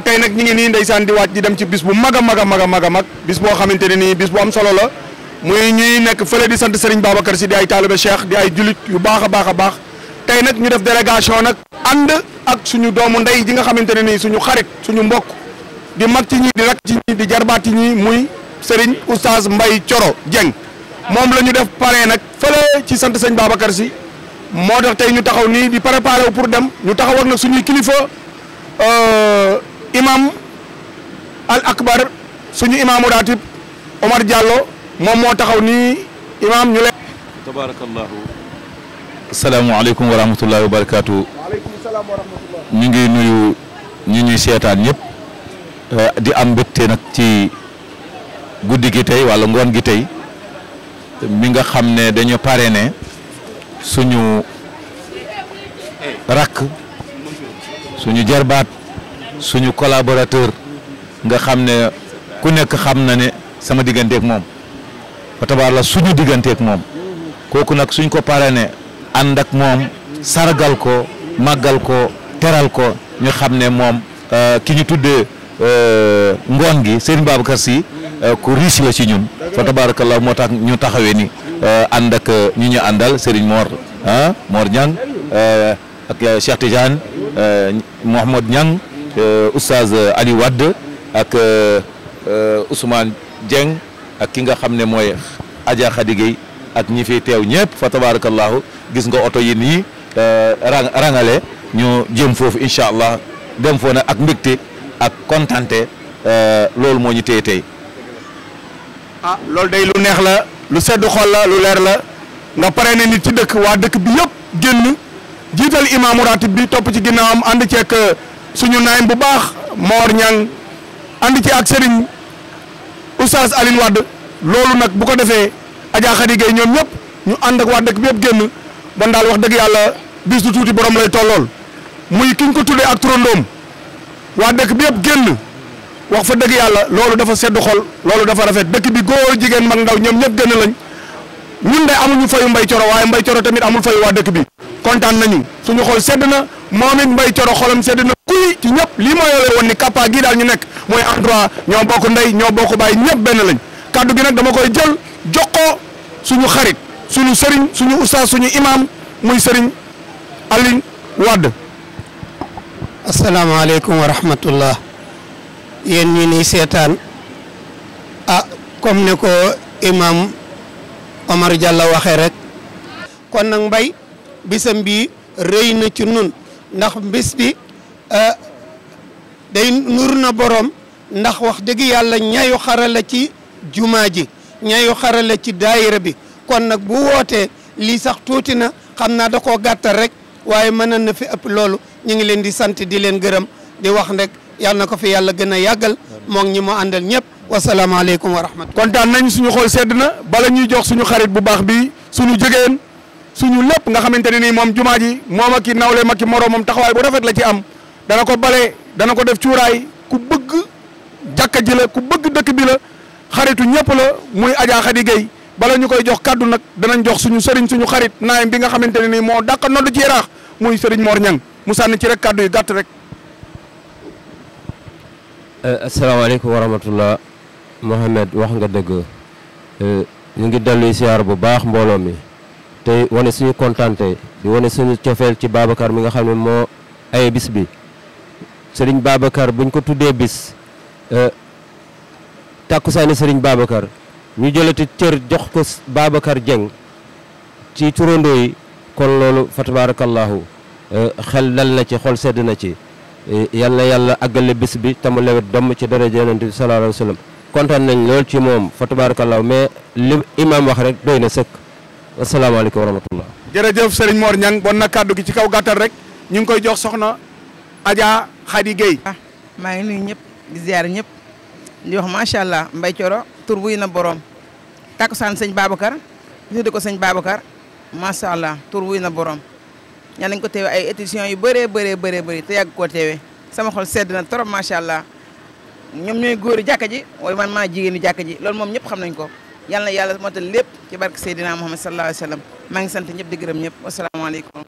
tay nak ñi ngi ni ndaysan di wacc di dem ci bis bu maga maga maga maga mag bis bo xamanteni ni bis bu am solo la muy ñuy nek fele di sante Serigne babakar sidi di ay taalibe Cheikh di ay julit yu baaxa baaxa baax tay nak ñu def délégation nak and ak suñu doomu nday gi nga xamanteni ni suñu xarit suñu mbokk di mag ci ñi di rak ci ñi di jarbaat ñi muy Serigne Oustaz mbay cioro jeng mom lañu def paré nak fele ci sante Serigne babakar si modax tay ñu taxaw ni di préparer pour dem ñu taxaw ak nak suñu kilifa euh, imam al akbar suñu imam ratib omar diallo mom mo taxaw ni imam ñu le tabarakallahu assalamu alaykum wa rahmatullahi wa barakatuh ñi ngi nuyu ñi ñuy sétane ñep eh, di am mbégte nak ci guddi gi tay wala ngon gi tay mi nga xamné dañu parrainé suñu rak suñu jarbat suñu collaborateur nga xam ne ku nekk xam na ne sama digganteeg moom fa la suñu digganteeg moom kooku nag suñ ko ne ànd ak moom sargal ko màggal ko teral ko ñu xam ne moom euh, ki ñu tuddee euh, ngoon gi Serigne Babacar Sy euh, ku riche la ci ñun fa tabaarakallah moo tax ñu taxawee ni ànd ak ñu ñu àndal Serigne Mor ah Mor Niang ak Cheikh Tidiane Mouhamad Niang Euh, oustaz Ali Wade ak euh, euh, Ousmane Dieng ak ki nga xam ne mooy Adja Khady ak ñi fi teew ñëpp fa tabarakallahu gis nga oto yi nii rang rangale ñu jëm foofu incha allah dem foo na ak mbégte ak kontante loolu moo ñu téye tey. ah loolu day lu neex la lu sedd xol la lu leer la nga pare ne nit ci dëkk waa dëkk bi yëpp génn jiital imaamu ratib bi topp ci ginnaawam ànd ceeg. suñu naayam bu baax Mor ñang andi ci ak Serigne Oustaz Aline wad nak nak bu ko defé Adja khadige ñom ñep ñu and ak wad dëkk bi genn génn ban wax dëgg yalla bis du tuti borom lay tolol muy kiñ ko tuddé ak turandoom wad dëkk bi genn wax fa yalla lolu dafa sedd xol lolu dafa rafet dekk bi goor jigen mak ndaw ñom ñep genn lañ ñun day amuñu fayu mbay cioro waaye mbay cioro tamit amul fayu wad bi kontan nañu suñu xol sedd na momit mbay cioro xolam sedd na kuy ci lima lii moo yore woon ni Kapa gii daal ñu nekk mooy endroit ñoo bokk ndey ñoo sunu baay sunu benn lañ kaddu gi dama koy jël suñu xarit suñu suñu suñu imam muy sëriñ wad. Wade. asalaamaaleykum wa rahmatullah yéen ñi ni ah, comme ne ko imam Omar jalla waxee rek. kon nag mbay bisam bi rëy ci nun ndax bis bi. Euh, day nur na borom ndax wax dëgg yàlla ñayu xarala ci jumaa ji ñayu xarala ci daayira bi kon nag bu wootee lii sax tuuti na xam naa da koo gàttal rek waaye mënoon na fi ëpp loolu ñu ngi leen di sant di leen gërëm di wax rek yàlla na ko fi yàlla gën a yàggal moom ñi mu àndal ñëpp wasalaamaaleykum wa kon kontaan nañ suñu xool sedd na bala ñuy jox suñu xarit bu baax bi suñu jigéen suñu lépp nga xamante ne ni moom jumaa ji moom ak i nawle ma ki moroomam taxawaay bu rafet la ci am. dana ko bale dana ko def ciuray ku bëgg jakka ji la ku bëgg dëkk bi la xaritu ñëpp la muy Adja xadi Gueye bala ñu koy jox kaddu nag danañ jox suñu sëriñ suñu xarit naay bi nga xamanteni ni mo dakk noddu ci yaraax muy sëriñ Mor ñang mu sann ci rek kaddu yu gatt rek. Euh, alaykum wa rahmatullah mohammed wax nga dëgg euh, ñu ngi dalu ziar bu baax mbolo mi tay woné suñu contenté di wane suñu cofeel ci babakar mi nga xamné mo ay bis sëriñ Babacar buñ ko tuddee bis euh, tàkkusaani sëriñ Babacar ñu jëlati cër jox ko Babacar Dieng ci turandoo yi kon loolu fa tabaarakallaahu euh, xel dal na ci xol sedd na ci euh, yal na yàlla àggale bis bi tamu lewet domm ci daraja yonent bi sallallaahu alayhi wa kontaan nañ lool ci moom fa tabaarakallaahu mais li imaam wax rek doy na sëkk asalaamaaleykum wa rahmatullah jërëjëf sëriñ Mor Niang bon na kàddu gi ci kaw gàttal rek ñu ngi koy jox soxna Adja Khady Gueye. waaw ah, maa ngi nuyu ñëpp di ziar ñëpp di wax macha allah Mbaye Thioro tur wuy na borom takkusaan sëñ Babacar ñu de ko sëñ Babacar macha allah tur wuy na borom ñaan nañ ko teewee ay éditions yu bëree bëree bëree bëri te yàgg koo teewee sama xol sedd na trop macha allah ñoom ñooy góoru jàkka ji waaye man maa jigéenu jàkka ji loolu moom ñëpp xam nañ ko. yàlla na yàlla motal lépp ci barke Seydina Muhammad sallallahu alayhi wa maa ngi sant ñëpp di gërëm ñëpp wasalaamaaleykum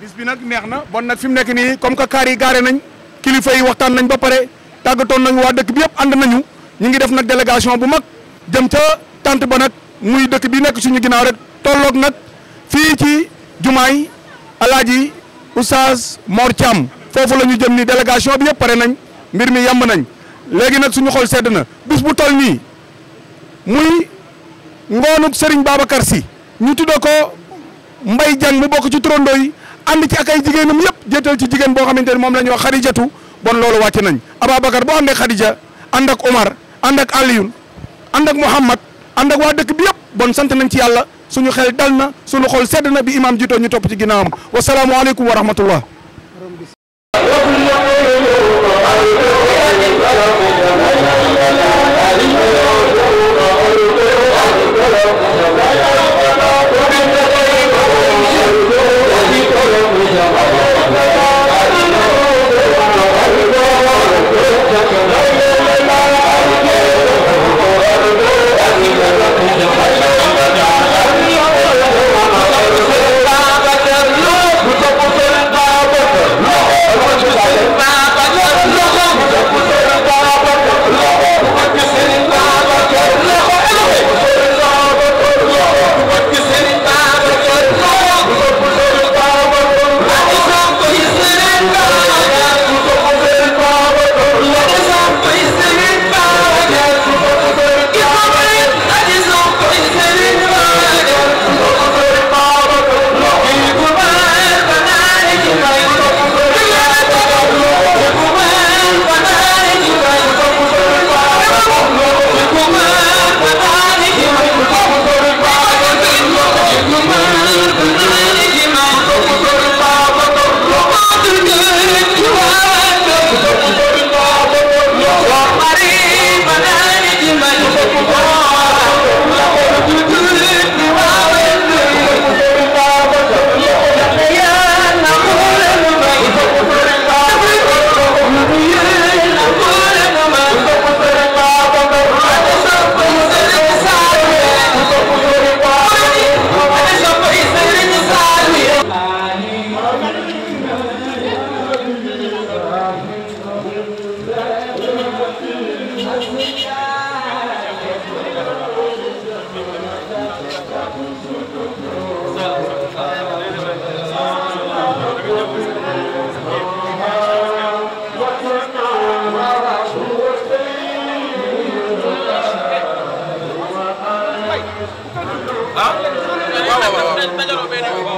bis bi nag neex na bon nag fi mu nekk nii comme que kaar yi gaare nañ kilifa yi waxtaan nañ ba pare tàggatoon nañ waa dëkk bi yëpp ànd nañu ñu ngi def nag délégation bu mag jëm ca tant ba nag muy dëkk bi nekk suñu ginnaaw rek tolloog nag fii ci jumaay alaaji oustaz Mor Thiam foofu la ñu jëm ni délégation bi yëpp pare nañ mbir mi yàmb nañ léegi nag suñu xool sedd na bis bu toll nii muy ngoonuk Serigne Babacar Sy ñu tuddee ko mbay Dieng mu bokk ci turandoo yi ànd ci ak ay jigéenam yëpp jéetal ci jigéen boo xamante ne moom la ñu wax xarijatu bon loolu wàcc nañ Ababacar boo àndee xadija ànd ak Omar ànd ak Alioune ànd ak Mouhamad ànd ak waa dëkk bi yëpp bon sant nañ ci yàlla suñu xel dal na suñu xol sedd na bi imaam jiitoo ñu topp ci am wasalaamualeykum wa rahmatullah البلد وبينهم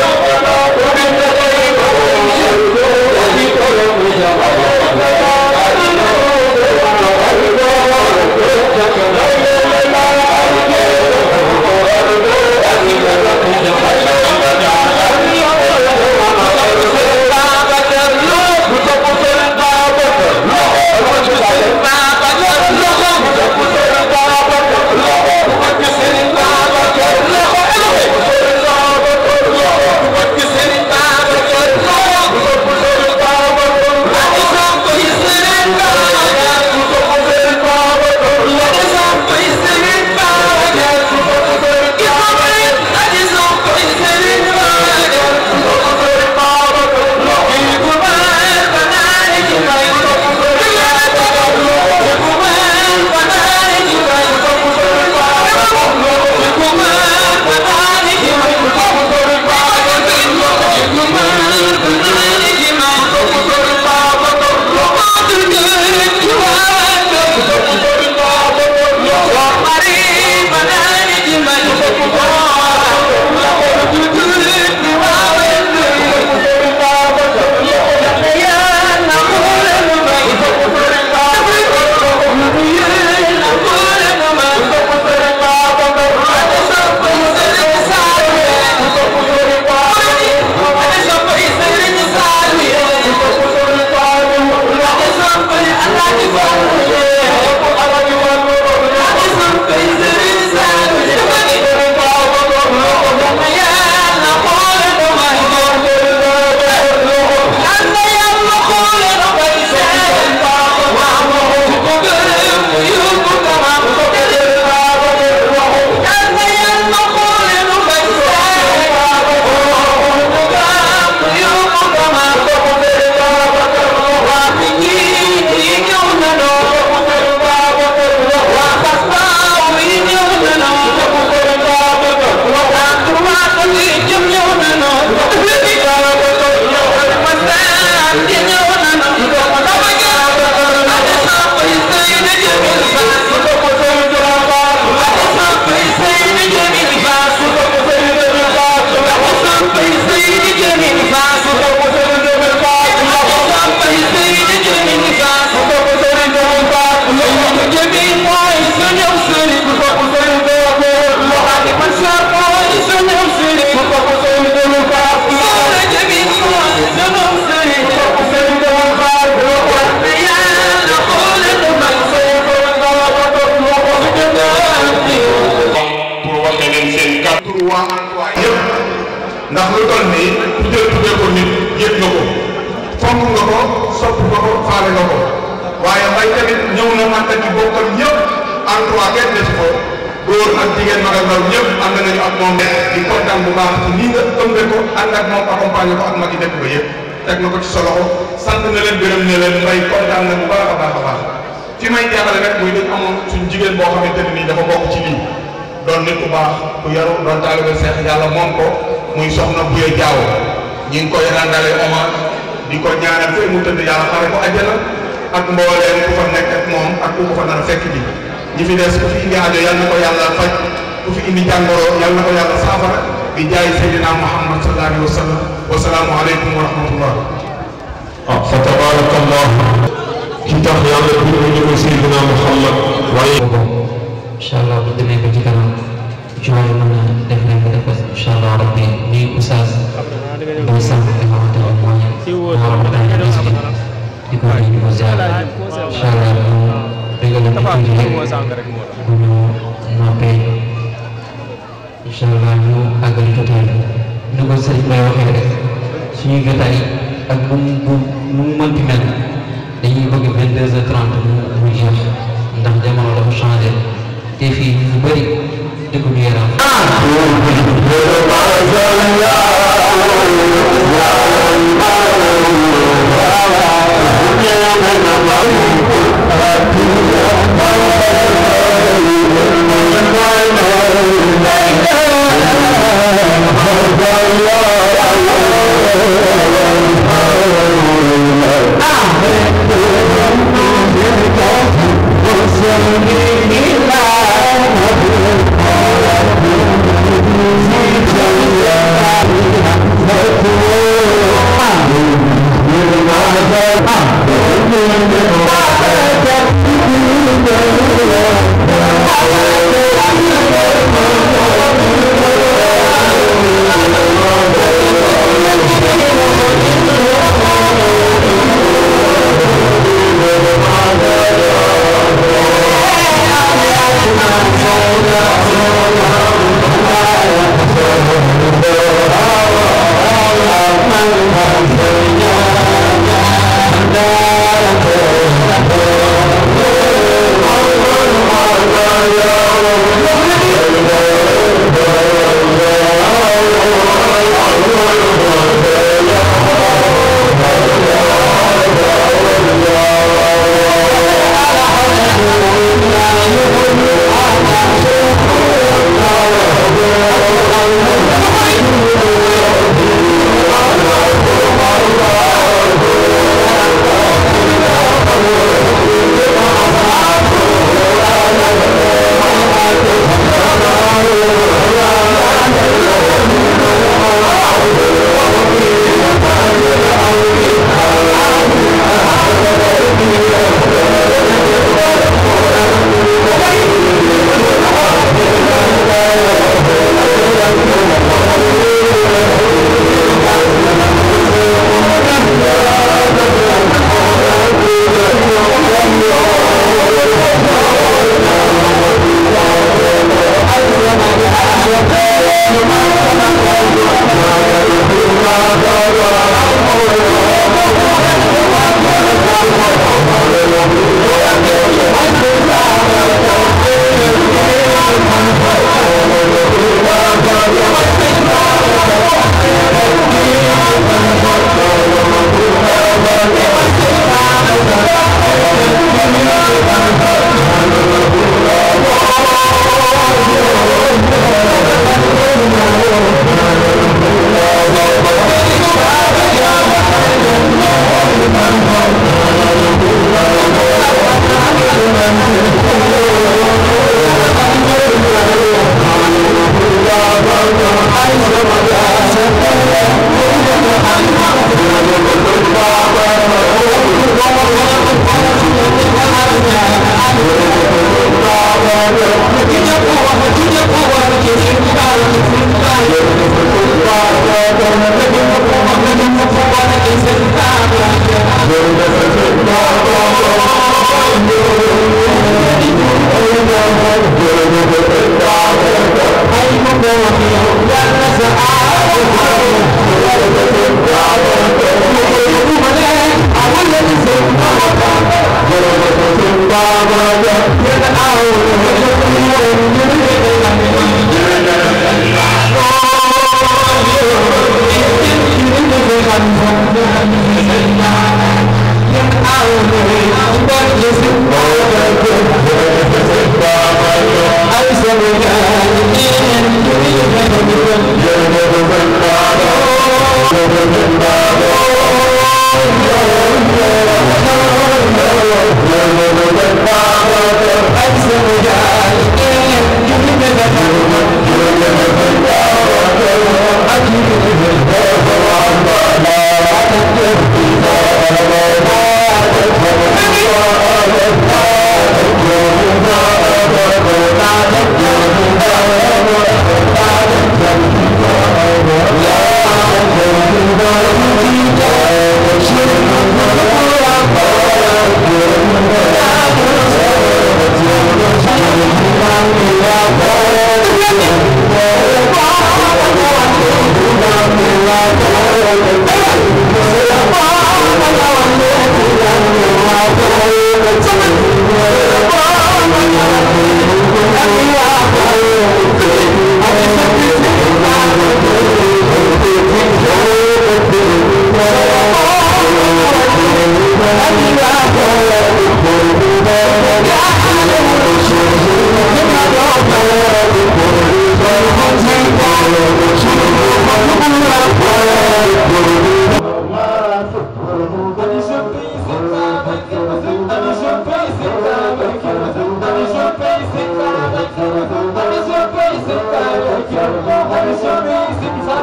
baax ku yaru doon taalibe seex yàlla moom ko muy soxna buye jaaw ñi ngi koy di ñaanal fee mu tëdd yàlla xare ko àjjana ak mbooleem ku fa nekk ak moom ak ku fa nar fekk ji ñi fi des ku fi indi aajo yàlla na ko faj ku fi indi jàngoro yàlla na ko yàlla jaay muhammad sallallahu alayhi wa alaykum wa rahmatullah ah fa tabarakallah tax ñu ko muhammad allah bu demee ci kanam ci waaye mën a def rek def ko incha allah rabbi nii oustaz bu sàmm bi nga xamante ne mooy Mouhamadou Aliou Miskin di ko nuyu di ko ziare incha allah mu régal ñu tuuti rek bu ñu noppee incha allah ñu àggal jotaay bi ni ko sëriñ Baye waxee rek suñuy jotaay ak bu mu mu mënti mel dañuy bëgg vingt deux heures trente mu mu jeex ndax jamono dafa changé te fii ñu bëri Yeah.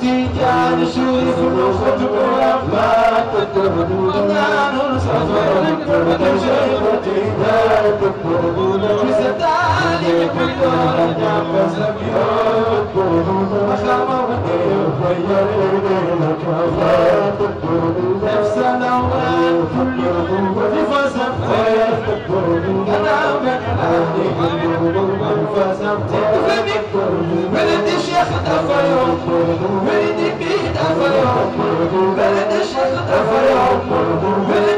تيجان شريف نخت ولا تدربون سفر تدربون شيخ تيجان تدربون يا خيار نعمزك يا نفسنا وين كل يوم وتفسد بلد الشيخ تفير بلد بيه تفير بلد الشيخ تفير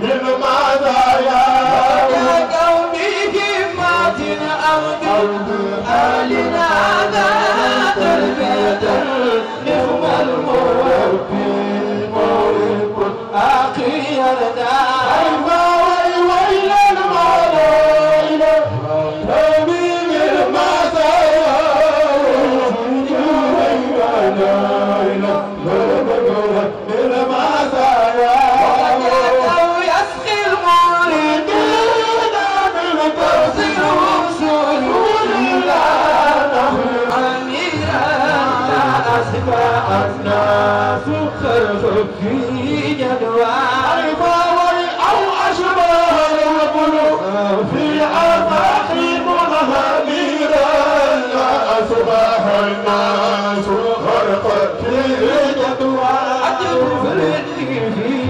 للمزايا يا كوني هماتنا أرض آلنا ذات البدر نعم المربي مرب أخي في جدوى الماوي أو أشباه الوبل في آفاق مغاميرا أصبح الناس خرقا في جدوى أجل في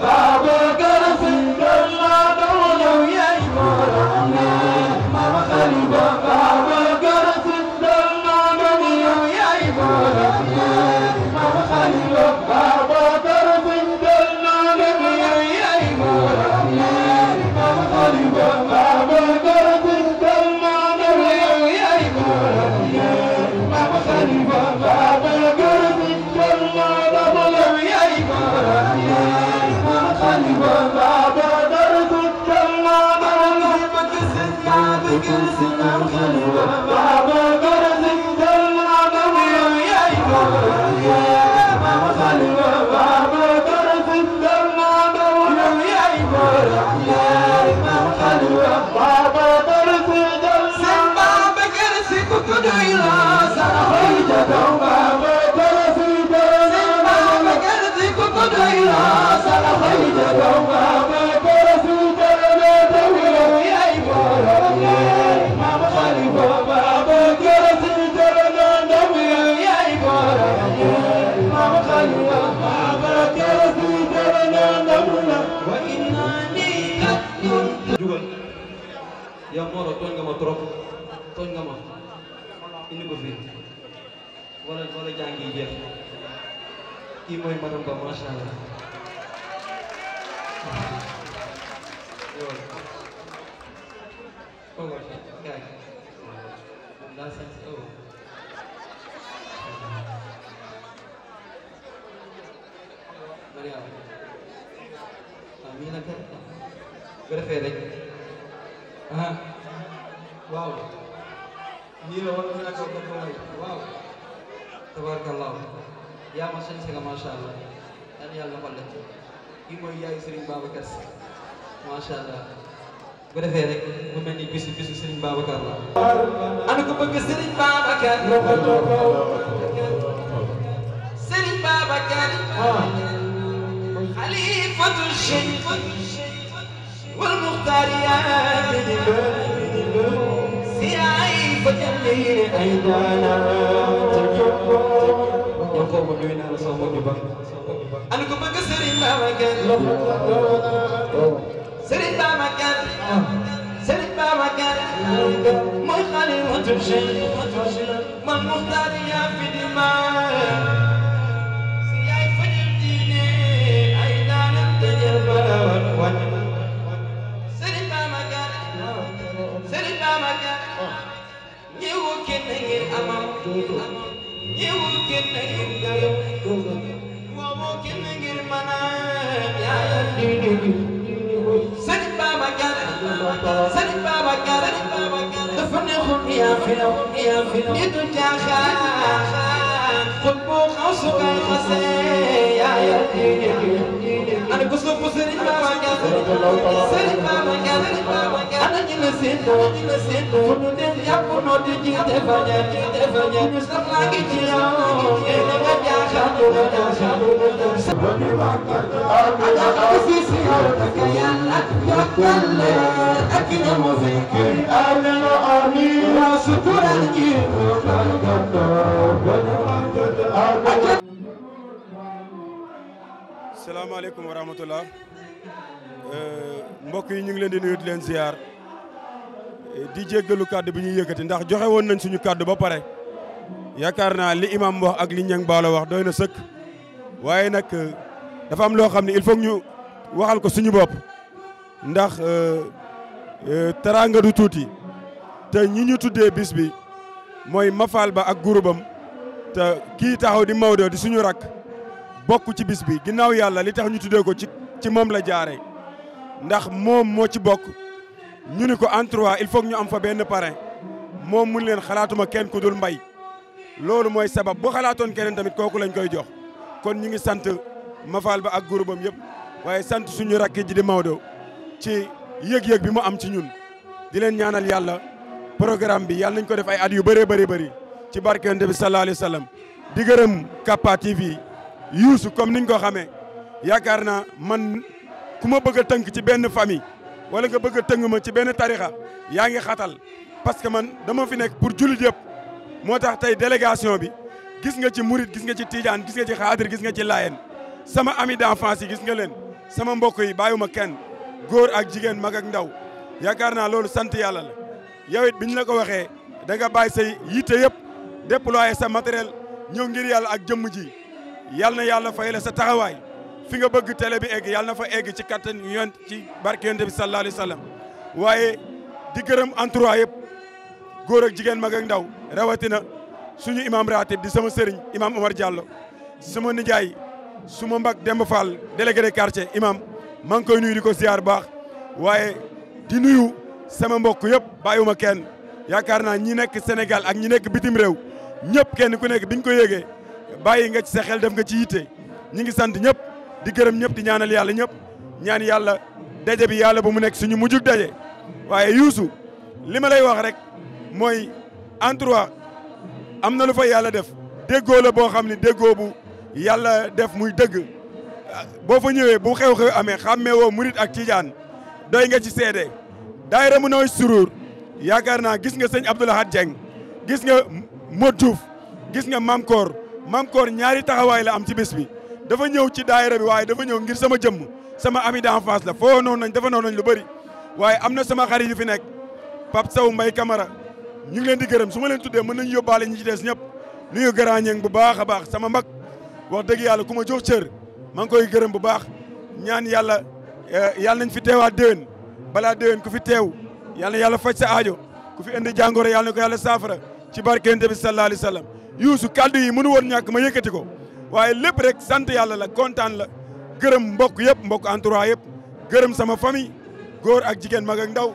Baba yow Mawla tooñ nga ma trop tooñ nga ma indi ko fii wala wala jàngi jeex kii mooy madame Ba macha allah. bu defee rek ah waaw nii la war naa ko def waaw tabaarkalla yaa ma sañ sa nga macha allah yàlla yàlla na ko lekk kii mooy yaayu Serigne Babacar Sy macha allah bu defee rek mu mel ni bisu bisu Serigne Babacar la. ana ko bëgg Serigne Babacar. Serigne Babacar. xalifatu cheikh wal muxtaar yaa ngi di ba si ay bëgg ay daana. ko nuyu naa la sama mbokk yu baax an ko bëgg Serigne Babacar Serigne Babacar Serigne Babacar mooy xale watu Cheikh man muxtaar yaa fi di ma si yaay fajal diine ay daanam dajal barawat wàcc Serigne Babacar Serigne Babacar ñëwoo kenn ngir amam ñëwoo يا فلو يا فلو يا فلو قطب خاصك الخسي يا يديني أنا قصر قصر ما مكان قصر ما مكان أنا جنسيت جنسيت كل دين يكون دي تفني تفني نسمع كتير أنا يا خلود يا خلود أنا قصي سيارتك يا لك يا كل أكيد مذكر أنا أمين سطور الجيل salaamaaleykum wa rahmatullah euh, mbokk yi ñu ngi leen di nuyu di leen ziar di jéggalu kàdd bi ñuy yëkkati ndax joxe woon nañ suñu kàddu ba pare yaakaar naa li imam wax ak li ñang baalo wax doy na sëkk waaye nag euh, dafa am loo xam ne il faut ñu waxal ko suñu bopp ndax euh, teraanga du tuuti te ñi ñu tuddee bis bi mooy Mafal ba ak gurubam te kii taxaw di Maodo di suñu rakk bokk ci bis bi ginnaaw yàlla li tax ñu tuddee ko ci ci moom la jaare ndax moom moo ci bokk ñu ni ko en il faut ñu am fa benn parrain moom mun leen xalaatuma kenn ku dul mbay loolu mooy sabab bu xalaatoon keneen tamit kooku lañ koy jox kon ñu ngi sant Mafal ba ak groupam yëpp waaye sant suñu rakk ji di Maodo ci yëg-yëg bi mu am ci ñun di leen ñaanal yàlla programme bi yàlla nañ ko def ay at yu bëree bëri bëri ci barke yonent bi sallallahu alayhi wa di gërëm Kappa TV yuusu comme niñ ko xamee yaakaar naa man ku ma bëgg a tënk ci benn famille wala nga bëgg a tënk ma ci benn tarixa yaa ngi xatal parce que man dama fi nekk pour jullit yëpp moo tax tey délégation bi gis nga ci murit gis nga ci tiijaan gis nga ci xaadir gis nga ci laayeen sama ami d'enfance yi gis nga leen sama mbokk yi bàyyiwuma kenn góor ak jigéen mag ak ndaw yaakaar naa loolu sant yàlla la yow it bi ñu la ko waxee danga nga sey say yitte yëpp déployer sa matériel ñëw ngir yàlla ak jëmm ji yal na yàlla fay la sa taxawaay fi nga bëgg télé bi egg yal na fa egg ci kattan yoon ci barke yonent bi sallallahu alayhi waaye di gërëm entourage yëpp góor ak jigéen mag ak ndaw rawatina suñu imam ratib di sama sëriñ imam Omar Diallo sama nijaay suma mbag Demba Fall délégué de quartier imam maa ngi koy nuyu di ko ziar baax waaye di nuyu sama mbokk yëpp bàyyiwuma kenn yaakaar naa ñi nekk Sénégal ak ñi nekk bitim réew ñëpp kenn ku nekk biñ ko yéegee bàyyi nga ci sa xel def nga ci yitte ñi ngi sant ñëpp di gërëm ñëpp di ñaanal yàlla ñëpp ñaan yàlla daje bi yàlla ba mu nekk suñu mujjug daje waaye yuusu li ma lay wax rek mooy en am na lu fa yàlla def déggoo la boo xam ne déggoo bu yàlla def muy dëgg boo fa ñëwee bu xew-xew amee xàmmee woo murit ak tijaan doy nga ci seede daayira mu nooy suruur yaakaar naa gis nga sëñ Abdoulahad Dieng gis nga Modou Diouf gis nga Mamkoor Mame Kor ñaari taxawaay la am ci bés bi dafa ñëw ci daayira bi waaye dafa ñëw ngir sama jëmm sama ami d'enfance la foo noonu nañ dafa noonu nañ lu bëri waaye am na sama xarit yu fi nekk Pape saw Mbaye Camara ñu ngi leen di gërëm su ma leen tuddee mën nañu yóbbaale ñi ci des ñëpp nuyu garañeeng bu baax a baax sama mag wax dëgg yàlla ku ma jox cër maa ngi koy gërëm bu baax ñaan yàlla eh, yàlla nañ fi teewaat déwén balaa déwén ku fi teew yàlla na yàlla faj sa aajo ku fi indi jàngoro yàlla na saafara ci barkeente bi sallallahu alayhi yusu kàddu yi munu won ñak ma yëkëti ko waye lepp rek sante yalla la contane la gërëm mbokk yëpp mbokk entourage yëpp gërëm sama famille góor ak jigen mag ak ndaw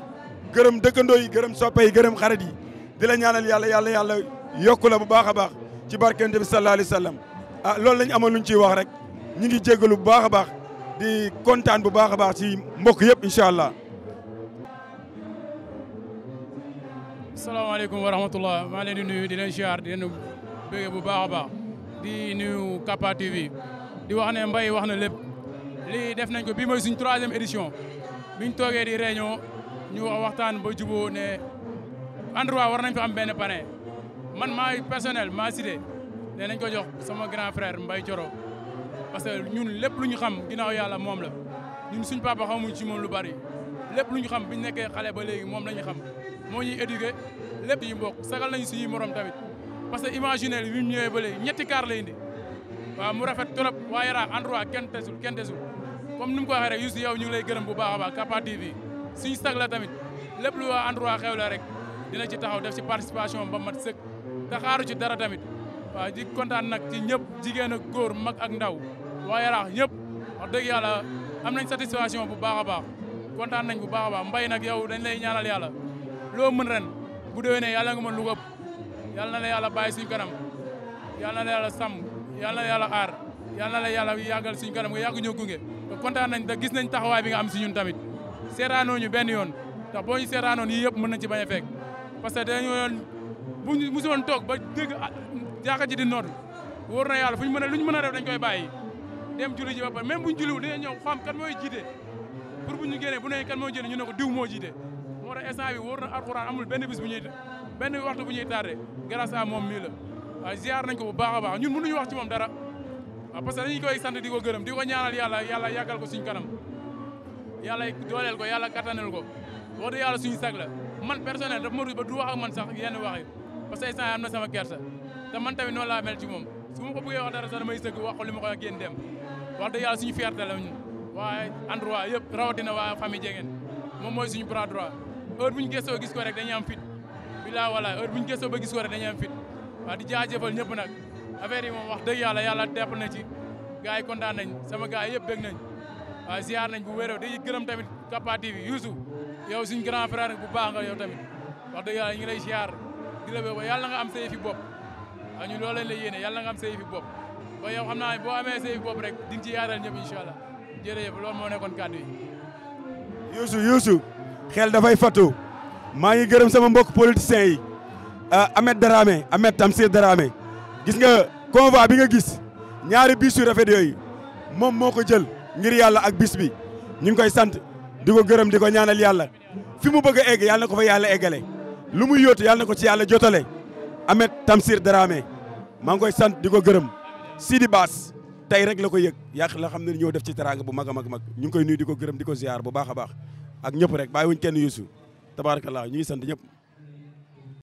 gërëm dëkkandoo yi gërëm soppe yi gërëm xarit yi di la ñaanal yalla yalla yalla yokku la bu baaxa baax ci barkente bi sallallahu alayhi wasallam ah loolu lañ amoon luñ ciy wax rek ñi ngi jéggelu bu baaxa baax di contane bu baaxa baax ci mbokk yëpp inshallah allah. salaamaaleykum wa rahmatullah maa leen di nuyu di leen ziar di leen bëggee bu baax a baax di nuyu Capa TV di wax ne Mbaye wax na lépp lii def nañ ko bii mooy suñ troisième édition biñ toogee di réunion ñu waxtaan ba juboo ne endroit war nañ fi am benn parrain man maa personnel maa side ne nañ ko jox sama grand frère Mbaye Thioro parce que ñun lépp lu ñu xam ginnaaw yàlla moom la ñun suñ papa xamuñ ci moom lu bari lépp lu ñu xam biñ nekkee xale ba léegi moom la ñu xam moo ñuy éduqué lépp yi mbokk sagal nañu suñuy moroom tamit parce que imaginez li bi mu ñëwee ñetti car lay indi wa mu rafet torop waa ra endroit ken tesul ken desul comme nim ko waxe rek Youssou yow ñu lay gërëm bu baax a baax Capa TV suñu sag la tamit lepp lu wa endroit xew la rek dina ci taxaw def ci participation ba mat seuk te xaru ci dara tamit wa di contane nak ci ñepp jigéen ak góor mag ak ndaw waa ra ñepp wax deug yalla am nañ satisfaction bu baax a baax kontaan nañ bu baax a baax mbay nak yow dañ lay ñaanal yalla lo mën ren bu déwénee yalla nga mën lu ko yal na la yàlla bàyyi suñu kanam yal na la yàlla sàmm yal na la yàlla aar yal na la yàlla yàggal suñu kanam nga yàgg ñoo gunge te kontaan nañ te gis nañ taxawaay bi nga am si ñun tamit seetaanoo ñu benn yoon ndax boo ñu seetaanoon yëpp mën na ci bañ a fekk parce que dañu yoon bu ñu musoon toog ba dégg ah, jaaka ji di noot wóor na yàlla fu ñu mën a lu ñu mën a def dañ koy bàyyi dem julli ji ba pare même bu ñu julliwul dinañ ñëw xam kan mooy jiite pour bu ñu moo jiite ñu ne ko diw moo jiite moo tax instant na alxuraan amul benn bis bu ñuy benn waxtu bu ñuy tardé grâce à moom mii la waaw ziar nañ ko bu baax a baax ñun mënuñu wax ci moom dara waaw parce que dañuy koy di ko gërëm di ko ñaanal yàlla yàlla yàggal ko suñ kanam yàlla dooleel ko yàlla kattanal ko wax dëgg yàlla suñu sag la man personnel dafa ma ruus ba du wax ak man sax yenn wax yi parce que sama kersa te man tamit noonu laa mel ci moom su ma ko bëggee wax dara sax damay sëgg wax ko li ma koy génn dem wax suñu fierté la yëpp rawatina waa famille Diéguène moom mooy suñu bras droit heure bu gis ko rek bilaa wala heure bu ñu gëstoo ba gis ko rek dañuy am fit waaw di jaajëfal ñëpp nag affaire yi moom wax dëgg yàlla yàlla depp na ci gars yi kontaan nañ sama gars yëpp bég nañ waaw ziar nañ bu wéréw dañuy gërëm tamit Capa TV Youssou yow suñ grand frère bu baax nga yow tamit wax dëgg yàlla ñu ngi lay ziar di la ba yàlla nga am sey yëfi bopp waaw ñu loolu lañ lay yéene yàlla nga am sey yëfi bop ba yow xam naa ne boo amee sa yëfi bopp rek di nga ci yaatal ñëpp incha allah jërëjëf loolu moo nekkoon kàddu yi Youssou Youssou xel dafay fatu maa ngi gërëm sama mbokk politiciens yi ah, Ahmed Darame Ahmed Tamsir daraame gis nga convoi bi nga gis ñaari bis yu rafet yooyu moom moo ko jël ngir yàlla ak bis bi ñu ngi koy sant di ko gërëm di ko ñaanal yàlla fi mu bëgg a egg yàlla na ko yàlla eggale lu muy yóotu yàlla ko ci yàlla jotale Ahmed Tamsir Darame maa ngi koy sant di ko gërëm Sidi Baas tey rek la ko yëg yàq la xam ne ñoo def ci teraanga bu mag a mag mag ñu ngi koy nuyu di ko gërëm di ko ziar bu baax a baax ak ñëpp rek bàyyiwuñ kenn yuusu tabaarkalla ñu ngi sant ñëpp.